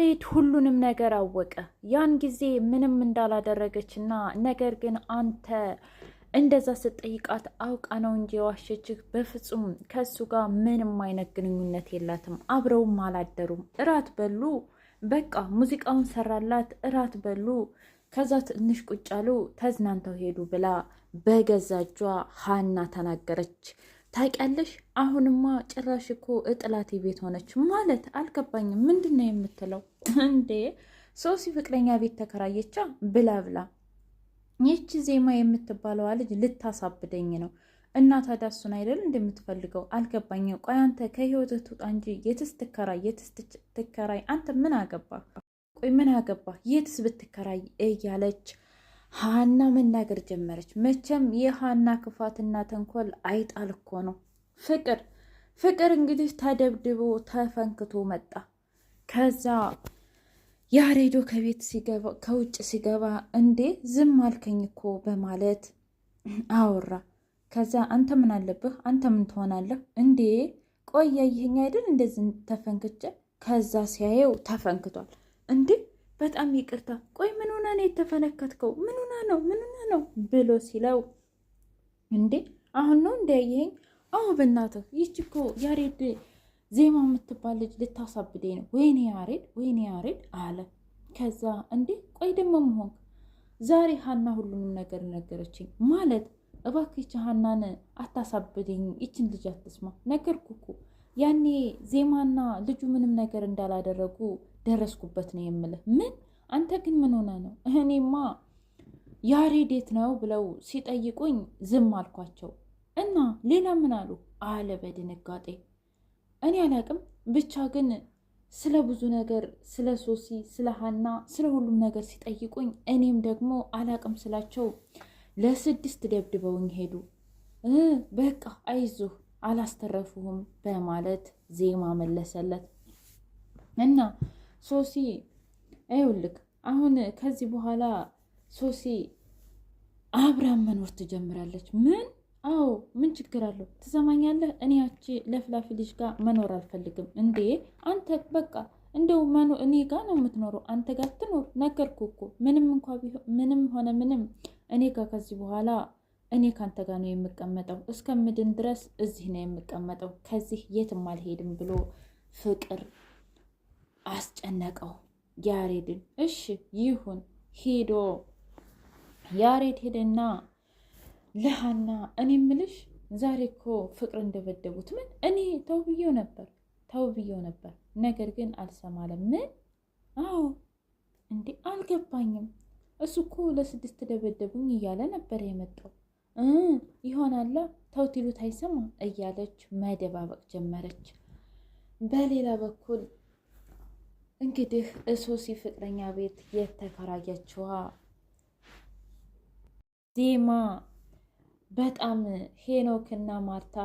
ሬት ሁሉንም ነገር አወቀ። ያን ጊዜ ምንም እንዳላደረገች እና ነገር ግን አንተ እንደዛ ስጠይቃት አውቃ ነው እንጂ የዋሸችህ፣ በፍጹም ከእሱ ጋር ምንም አይነት ግንኙነት የላትም። አብረውም አላደሩም። እራት በሉ፣ በቃ ሙዚቃውን ሰራላት፣ እራት በሉ፣ ከዛ ትንሽ ቁጭ አሉ፣ ተዝናንተው ሄዱ ብላ በገዛ እጇ ሀና ተናገረች። ታውቂያለሽ አሁንማ ጭራሽ እኮ እጥላቴ ቤት ሆነች ማለት አልገባኝም። ምንድን ነው የምትለው እንዴ? ሶሲ ፍቅረኛ ቤት ተከራየቻ ብላ ብላ ይቺ ዜማ የምትባለዋ ልጅ ልታሳብደኝ ነው። እና ታዲያ እሱን አይደል እንደምትፈልገው አልገባኝም። ቆይ አንተ ከህይወት ትውጣ እንጂ የትስ ትከራይ የትስ ትከራይ አንተ ምን አገባ? ቆይ ምን አገባ የትስ ብትከራይ እያለች ሀና መናገር ጀመረች። መቼም የሀና ክፋትና ተንኮል አይጣል እኮ ነው። ፍቅር ፍቅር እንግዲህ ተደብድቦ ተፈንክቶ መጣ። ከዛ ያሬዶ ከቤት ሲገባ ከውጭ ሲገባ እንዴ ዝም አልከኝ እኮ በማለት አወራ። ከዛ አንተ ምን አለብህ? አንተ ምን ትሆናለህ? እንዴ ቆያ ይህኝ አይደል እንደዚህ ተፈንክቼ። ከዛ ሲያየው ተፈንክቷል። እንዴ በጣም ይቅርታ፣ ቆይ ምን ሆነ ነው የተፈነከትከው? ምን ሆነ ነው? ምን ሆነ ነው ብሎ ሲለው እንዴ አሁን ነው እንዳያየኝ? አዎ በእናትህ ይህች እኮ ያሬድ ዜማ የምትባል ልጅ ልታሳብደኝ ነው። ወይኔ ያሬድ፣ ወይኔ ያሬድ አለ። ከዛ እንዴ ቆይ ደግሞ መሆን ዛሬ ሀና ሁሉንም ነገር ነገረችኝ። ማለት እባክች ሀናን አታሳብደኝ፣ ይችን ልጅ አትስማ። ነገርኩ እኮ ያኔ ዜማና ልጁ ምንም ነገር እንዳላደረጉ ደረስኩበት ነው የምልህ። ምን አንተ ግን ምን ሆነ ነው? እኔማ ዴት ነው ብለው ሲጠይቁኝ ዝም አልኳቸው እና ሌላ ምን አሉ አለ በድንጋጤ። እኔ አላቅም ብቻ ግን ስለ ብዙ ነገር ስለ ሶሲ፣ ስለ ሀና፣ ስለ ሁሉም ነገር ሲጠይቁኝ እኔም ደግሞ አላቅም ስላቸው ለስድስት ደብድበውኝ ሄዱ። በቃ አይዞህ አላስተረፉሁም በማለት ዜማ መለሰለት እና ሶሲ ይኸውልህ አሁን ከዚህ በኋላ ሶሲ አብራን መኖር ትጀምራለች። ምን? አዎ፣ ምን ችግር አለው? ትሰማኛለህ? እኔ ያቺ ለፍላፊ ልጅ ጋር መኖር አልፈልግም። እንዴ አንተ በቃ እንደው እኔ ጋር ነው የምትኖረው፣ አንተ ጋር ትኖር። ነገርኩ እኮ ምንም እንኳ ቢሆን ምንም ሆነ ምንም እኔ ጋር ከዚህ በኋላ እኔ ከአንተ ጋር ነው የምቀመጠው፣ እስከምድን ድረስ እዚህ ነው የምቀመጠው፣ ከዚህ የትም አልሄድም ብሎ ፍቅር አስጨነቀው ያሬድን። እሺ ይሁን ሄዶ ያሬድ ሄደና ለሃና እኔ ምልሽ ዛሬ እኮ ፍቅር እንደበደቡት ምን እኔ ተው ብዬው ነበር ተው ብዬው ነበር፣ ነገር ግን አልሰማለም። ምን? አዎ እንዴ አልገባኝም። እሱ እኮ ለስድስት ደበደቡኝ እያለ ነበር የመጣው እ ይሆናላ ተው ትሉት አይሰማ እያለች መደባበቅ ጀመረች። በሌላ በኩል እንግዲህ እሶሲ ፍቅረኛ ቤት የተከራየችዋ ዜማ በጣም ሄኖክና ማርታ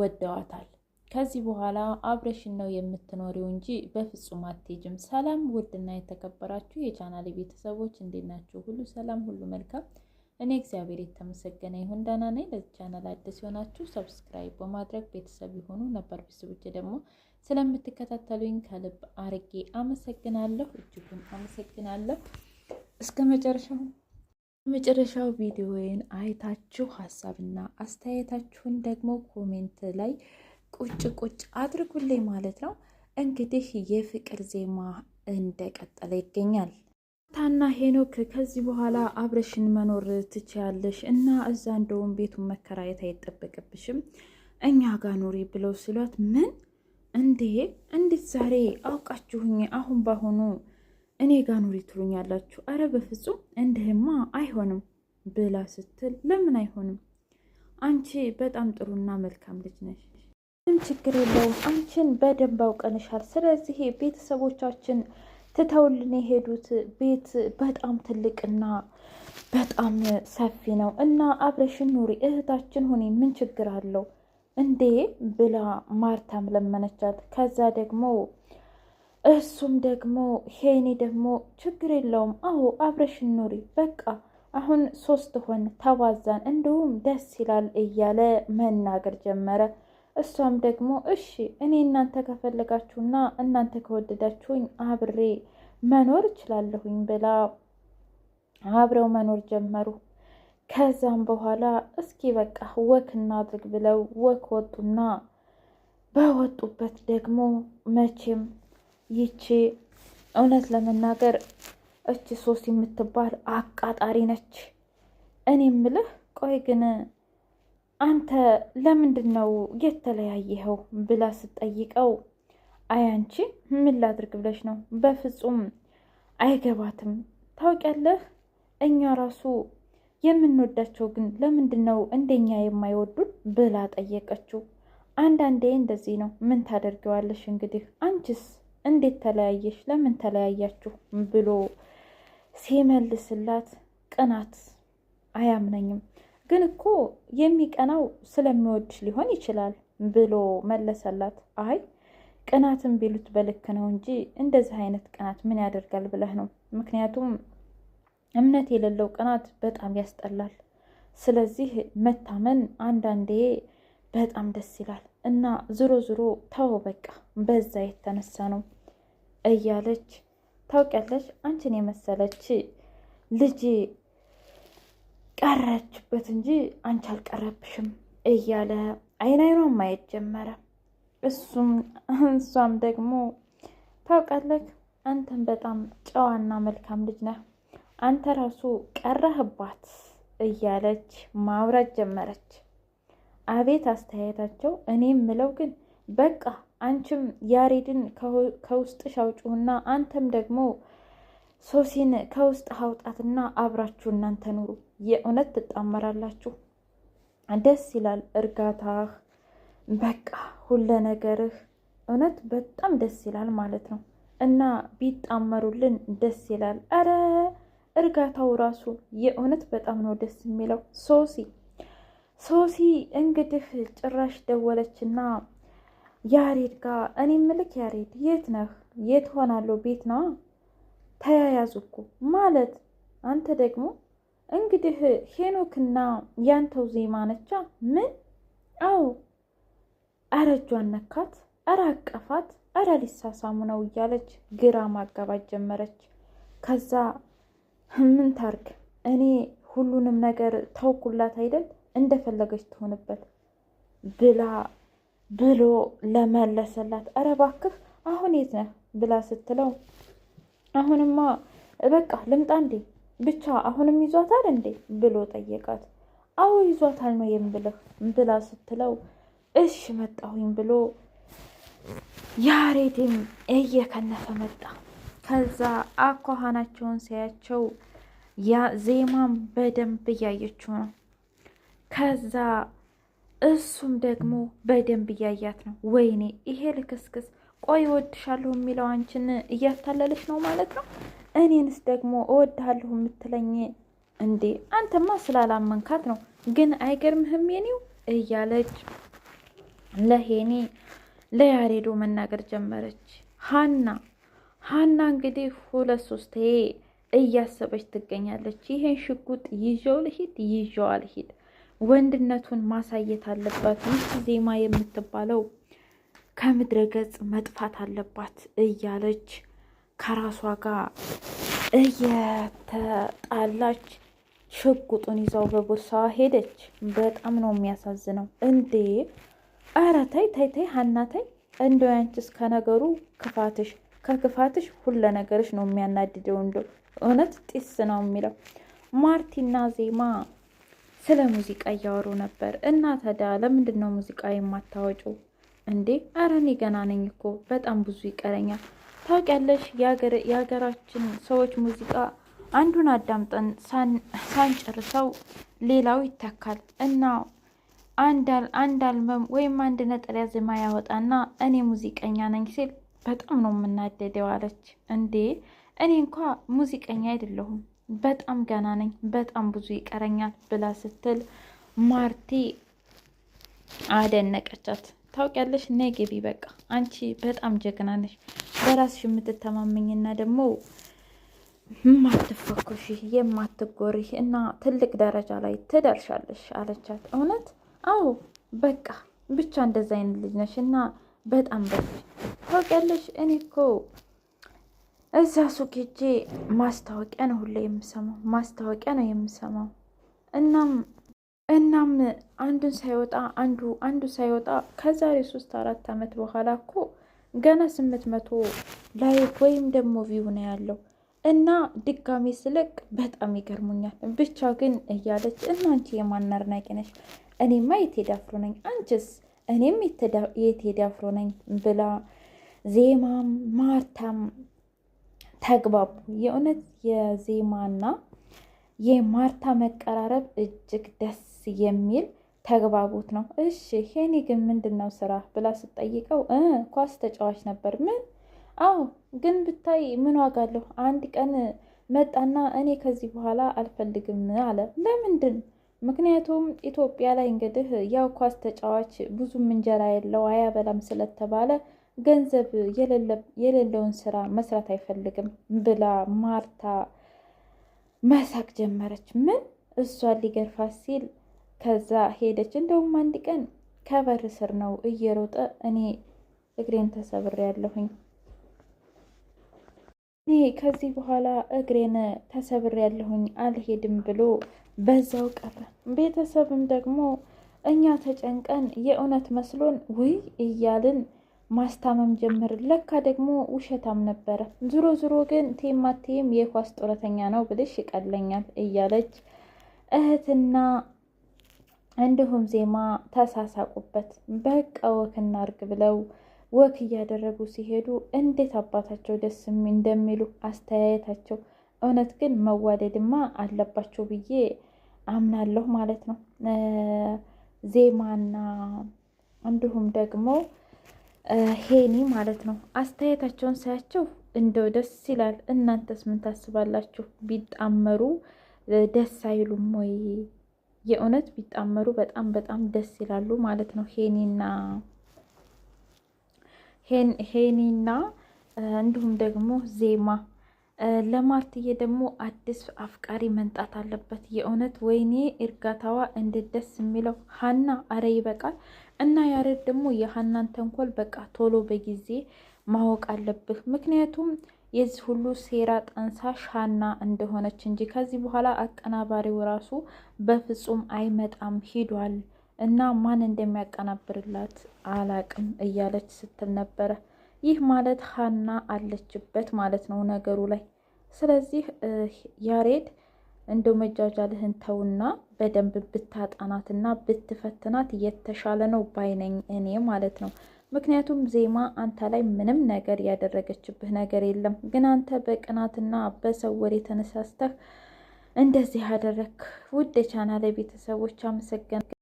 ወደዋታል። ከዚህ በኋላ አብረሽን ነው የምትኖሪው እንጂ በፍጹም አትሄጂም። ሰላም ውድና የተከበራችሁ የቻናል ቤተሰቦች እንዴት ናችሁ? ሁሉ ሰላም፣ ሁሉ መልካም እኔ እግዚአብሔር የተመሰገነ ይሁን ደህና ነኝ። ለዚህ ቻናል አዲስ የሆናችሁ ሰብስክራይብ በማድረግ ቤተሰብ የሆኑ ነበር ቤተሰቦች ደግሞ ስለምትከታተሉኝ ከልብ አርጌ አመሰግናለሁ፣ እጅጉን አመሰግናለሁ። እስከ መጨረሻው መጨረሻው ቪዲዮዬን አይታችሁ ሀሳብና አስተያየታችሁን ደግሞ ኮሜንት ላይ ቁጭ ቁጭ አድርጉልኝ ማለት ነው። እንግዲህ የፍቅር ዜማ እንደቀጠለ ይገኛል። ታና ሄኖክ ከዚህ በኋላ አብረሽን መኖር ትችያለሽ እና እዛ እንደውም ቤቱን መከራየት አይጠበቅብሽም እኛ ጋር ኑሪ ብለው ስሏት፣ ምን እንዴ እንዴት ዛሬ አውቃችሁኝ አሁን ባሁኑ እኔ ጋር ኑሪ ትሉኛላችሁ? አረ በፍጹም እንዲህማ አይሆንም ብላ ስትል፣ ለምን አይሆንም? አንቺ በጣም ጥሩና መልካም ልጅ ነሽ። ምን ችግር የለውም። አንቺን በደንብ አውቀንሻል። ስለዚህ ቤተሰቦቻችን ትተውልን የሄዱት ቤት በጣም ትልቅና በጣም ሰፊ ነው እና አብረሽን ኑሪ እህታችን ሁኔ ምን ችግር አለው እንዴ ብላ ማርታም ለመነቻት። ከዛ ደግሞ እሱም ደግሞ ሄኔ ደግሞ ችግር የለውም አዎ አብረሽን ኑሪ በቃ አሁን ሶስት ሆን ተባዛን፣ እንዲሁም ደስ ይላል እያለ መናገር ጀመረ። እሷም ደግሞ እሺ እኔ እናንተ ከፈለጋችሁና እናንተ ከወደዳችሁኝ አብሬ መኖር እችላለሁኝ ብላ አብረው መኖር ጀመሩ። ከዛም በኋላ እስኪ በቃ ወክ እናድርግ ብለው ወክ ወጡና በወጡበት ደግሞ መቼም ይቺ እውነት ለመናገር እች ሶስት የምትባል አቃጣሪ ነች። እኔ ምልህ ቆይ ግን አንተ ለምንድን ነው የተለያየኸው ብላ ስትጠይቀው አይ አንቺ ምን ላድርግ ብለሽ ነው? በፍጹም አይገባትም። ታውቂያለህ፣ እኛ ራሱ የምንወዳቸው ግን ለምንድን ነው እንደኛ የማይወዱን ብላ ጠየቀችው። አንዳንዴ እንደዚህ ነው። ምን ታደርገዋለሽ እንግዲህ። አንቺስ እንዴት ተለያየሽ? ለምን ተለያያችሁ? ብሎ ሲመልስላት ቅናት አያምነኝም ግን እኮ የሚቀናው ስለሚወድሽ ሊሆን ይችላል ብሎ መለሰላት። አይ ቅናትን ቢሉት በልክ ነው እንጂ እንደዚህ አይነት ቅናት ምን ያደርጋል ብለህ ነው። ምክንያቱም እምነት የሌለው ቅናት በጣም ያስጠላል። ስለዚህ መታመን አንዳንዴ በጣም ደስ ይላል እና ዝሮ ዝሮ ተው በቃ በዛ የተነሳ ነው እያለች ታውቂያለች፣ አንቺን የመሰለች ልጅ ቀረችበት እንጂ አንቺ አልቀረብሽም እያለ አይን አይኗን ማየት ጀመረ። እሱም እሷም ደግሞ ታውቃለህ፣ አንተን በጣም ጨዋና መልካም ልጅ ነህ፣ አንተ ራሱ ቀረህባት እያለች ማውራት ጀመረች። አቤት አስተያየታቸው! እኔ ምለው ግን በቃ አንቺም ያሬድን ከውስጥሽ አውጪውና አንተም ደግሞ ሶሲን ከውስጥ አውጣትና አብራችሁ እናንተ ኑሩ። የእውነት ትጣመራላችሁ። ደስ ይላል። እርጋታህ፣ በቃ ሁለ ነገርህ እውነት በጣም ደስ ይላል ማለት ነው። እና ቢጣመሩልን ደስ ይላል። አረ እርጋታው ራሱ የእውነት በጣም ነው ደስ የሚለው። ሶሲ ሶሲ እንግዲህ ጭራሽ ደወለችና ያሬድ ጋር እኔ ምልክ ያሬድ፣ የት ነህ? የት ሆናለሁ? ቤት ነዋ ተያያዙ እኮ ማለት አንተ ደግሞ እንግዲህ ሄኖክና ያንተው ዜማ ነቻ። ምን? አዎ። አረ እጇን ነካት፣ አረ አቀፋት፣ አረ ሊሳሳሙ ነው እያለች ግራ ማጋባት ጀመረች። ከዛ ምን ታርግ እኔ ሁሉንም ነገር ተውኩላት አይደል እንደፈለገች ትሆንበት ብላ ብሎ ለመለሰላት። አረ እባክህ አሁን የት ነህ ብላ ስትለው አሁንማ በቃ ልምጣ እንዴ ብቻ አሁንም ይዟታል እንዴ ብሎ ጠየቃት። አዎ ይዟታል ነው የምልህ ብላ ስትለው እሽ መጣሁኝ ብሎ ያሬድም እየከነፈ መጣ። ከዛ አኳኋናቸውን ሳያቸው ያ ዜማም በደንብ እያየችው ነው። ከዛ እሱም ደግሞ በደንብ እያያት ነው። ወይኔ ይሄ ልክስክስ ቆይ እወድሻለሁ የሚለው አንቺን እያታለለች ነው ማለት ነው። እኔንስ ደግሞ እወድሃለሁ የምትለኝ እንዴ? አንተማ ስላላመንካት ነው። ግን አይገርምህም የኔው እያለች ለሄኔ ለያሬዶ መናገር ጀመረች። ሀና ሀና እንግዲህ ሁለት ሶስቴ እያሰበች ትገኛለች። ይሄን ሽጉጥ ይዤው ልሂድ፣ ይዤው አልሂድ፣ ወንድነቱን ማሳየት አለባት ዜማ የምትባለው ከምድረ ገጽ መጥፋት አለባት እያለች ከራሷ ጋር እየተጣላች ሽጉጡን ይዛው በቦርሳዋ ሄደች። በጣም ነው የሚያሳዝነው። እንዴ ኧረ ተይ ተይ ተይ ሀና ተይ፣ እንደው ያንቺስ ከነገሩ ክፋትሽ ከክፋትሽ ሁለ ነገርሽ ነው የሚያናድደው። እንደው እውነት ጢስ ነው የሚለው። ማርቲና ዜማ ስለ ሙዚቃ እያወሩ ነበር። እና ታዲያ ለምንድን ነው ሙዚቃ የማታወጪው? እንዴ ኧረ እኔ ገና ነኝ እኮ በጣም ብዙ ይቀረኛል። ታውቂያለሽ የሀገራችን ሰዎች ሙዚቃ አንዱን አዳምጠን ሳንጨርሰው ሌላው ይተካል እና አንድ አልበም ወይም አንድ ነጠላ ዜማ ያወጣና እኔ ሙዚቀኛ ነኝ ሲል በጣም ነው የምናደደው አለች። እንዴ እኔ እንኳ ሙዚቀኛ አይደለሁም በጣም ገና ነኝ፣ በጣም ብዙ ይቀረኛል ብላ ስትል ማርቲ አደነቀቻት። ታውቂያለሽ፣ ነይ ግቢ። በቃ አንቺ በጣም ጀግና ነሽ፣ በራስሽ የምትተማመኝና ደግሞ የማትፈኩሽ የማትጎሪ እና ትልቅ ደረጃ ላይ ትደርሻለሽ አለቻት። እውነት አዎ፣ በቃ ብቻ እንደዛ አይነት ልጅ ነሽ እና በጣም በሽ። ታውቂያለሽ፣ እኔ እኮ እዛ ሱቅ ሄጄ ማስታወቂያ ነው ሁሌ የምሰማው፣ ማስታወቂያ ነው የምሰማው እናም እናም አንዱን ሳይወጣ አንዱ አንዱ ሳይወጣ ከዛሬ ሶስት አራት ዓመት በኋላ እኮ ገና ስምንት መቶ ላይክ ወይም ደግሞ ቪው ነው ያለው እና ድጋሚ ስልቅ በጣም ይገርሙኛል። ብቻ ግን እያለች እና አንቺ የማን አድናቂ ነሽ? እኔማ የቴዲ አፍሮ ነኝ፣ አንቺስ? እኔም የቴዲ አፍሮ ነኝ ብላ ዜማም ማርታም ተግባቡ። የእውነት የዜማና የማርታ መቀራረብ እጅግ ደስ የሚል ተግባቦት ነው። እሺ ሄኒ ግን ምንድን ነው ስራ ብላ ስትጠይቀው ኳስ ተጫዋች ነበር። ምን? አዎ፣ ግን ብታይ ምን ዋጋ አለሁ? አንድ ቀን መጣና እኔ ከዚህ በኋላ አልፈልግም አለ። ለምንድን? ምክንያቱም ኢትዮጵያ ላይ እንግዲህ ያው ኳስ ተጫዋች ብዙም እንጀራ የለው አያበላም ስለተባለ ገንዘብ የሌለውን ስራ መስራት አይፈልግም ብላ ማርታ መሳቅ ጀመረች። ምን? እሷን ሊገርፋት ሲል ከዛ ሄደች። እንደውም አንድ ቀን ከበር ስር ነው እየሮጠ እኔ እግሬን ተሰብሬ ያለሁኝ እኔ ከዚህ በኋላ እግሬን ተሰብሬ ያለሁኝ አልሄድም ብሎ በዛው ቀረ። ቤተሰብም ደግሞ እኛ ተጨንቀን የእውነት መስሎን ውይ እያልን ማስታመም ጀምር። ለካ ደግሞ ውሸታም ነበረ። ዞሮ ዞሮ ግን ቴማቴም የኳስ ጡረተኛ ነው ብልሽ ይቀለኛል እያለች እህትና እንዲሁም ዜማ ተሳሳቁበት። በቃ ወክ እናርግ ብለው ወክ እያደረጉ ሲሄዱ እንዴት አባታቸው ደስ እንደሚሉ አስተያየታቸው። እውነት ግን መዋደድማ አለባቸው ብዬ አምናለሁ ማለት ነው። ዜማና እንዲሁም ደግሞ ሄኒ ማለት ነው። አስተያየታቸውን ሳያቸው እንደው ደስ ይላል። እናንተስ ምን ታስባላችሁ? ቢጣመሩ ደስ አይሉም ወይ? የእውነት ቢጣመሩ በጣም በጣም ደስ ይላሉ ማለት ነው። ሄኒና ሄኒና እንዲሁም ደግሞ ዜማ ለማርትዬ ደግሞ አዲስ አፍቃሪ መንጣት አለበት። የእውነት ወይኔ እርጋታዋ እንዴት ደስ የሚለው ሀና፣ አረ ይበቃል። እና ያሬድ ደግሞ የሀናን ተንኮል በቃ ቶሎ በጊዜ ማወቅ አለብህ ምክንያቱም የዚህ ሁሉ ሴራ ጠንሳሽ ሀና እንደሆነች እንጂ ከዚህ በኋላ አቀናባሪው ራሱ በፍጹም አይመጣም ሂዷል እና ማን እንደሚያቀናብርላት አላቅም እያለች ስትል ነበረ። ይህ ማለት ሀና አለችበት ማለት ነው ነገሩ ላይ። ስለዚህ ያሬድ እንደ መጃጃልህን ተውና በደንብ ብታጣናትና ብትፈትናት የተሻለ ነው ባይነኝ እኔ ማለት ነው። ምክንያቱም ዜማ አንተ ላይ ምንም ነገር ያደረገችብህ ነገር የለም። ግን አንተ በቅናትና በሰው ወሬ ተነሳስተህ እንደዚህ አደረግክ። ውድ የቻናሌ ቤተሰቦች አመሰገን